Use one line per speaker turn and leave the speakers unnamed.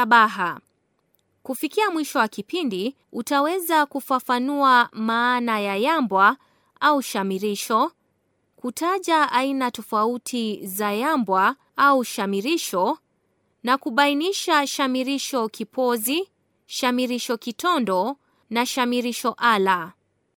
Shabaha. Kufikia mwisho wa kipindi, utaweza kufafanua maana ya yambwa au shamirisho, kutaja aina tofauti za yambwa au shamirisho na kubainisha shamirisho kipozi, shamirisho kitondo na shamirisho ala.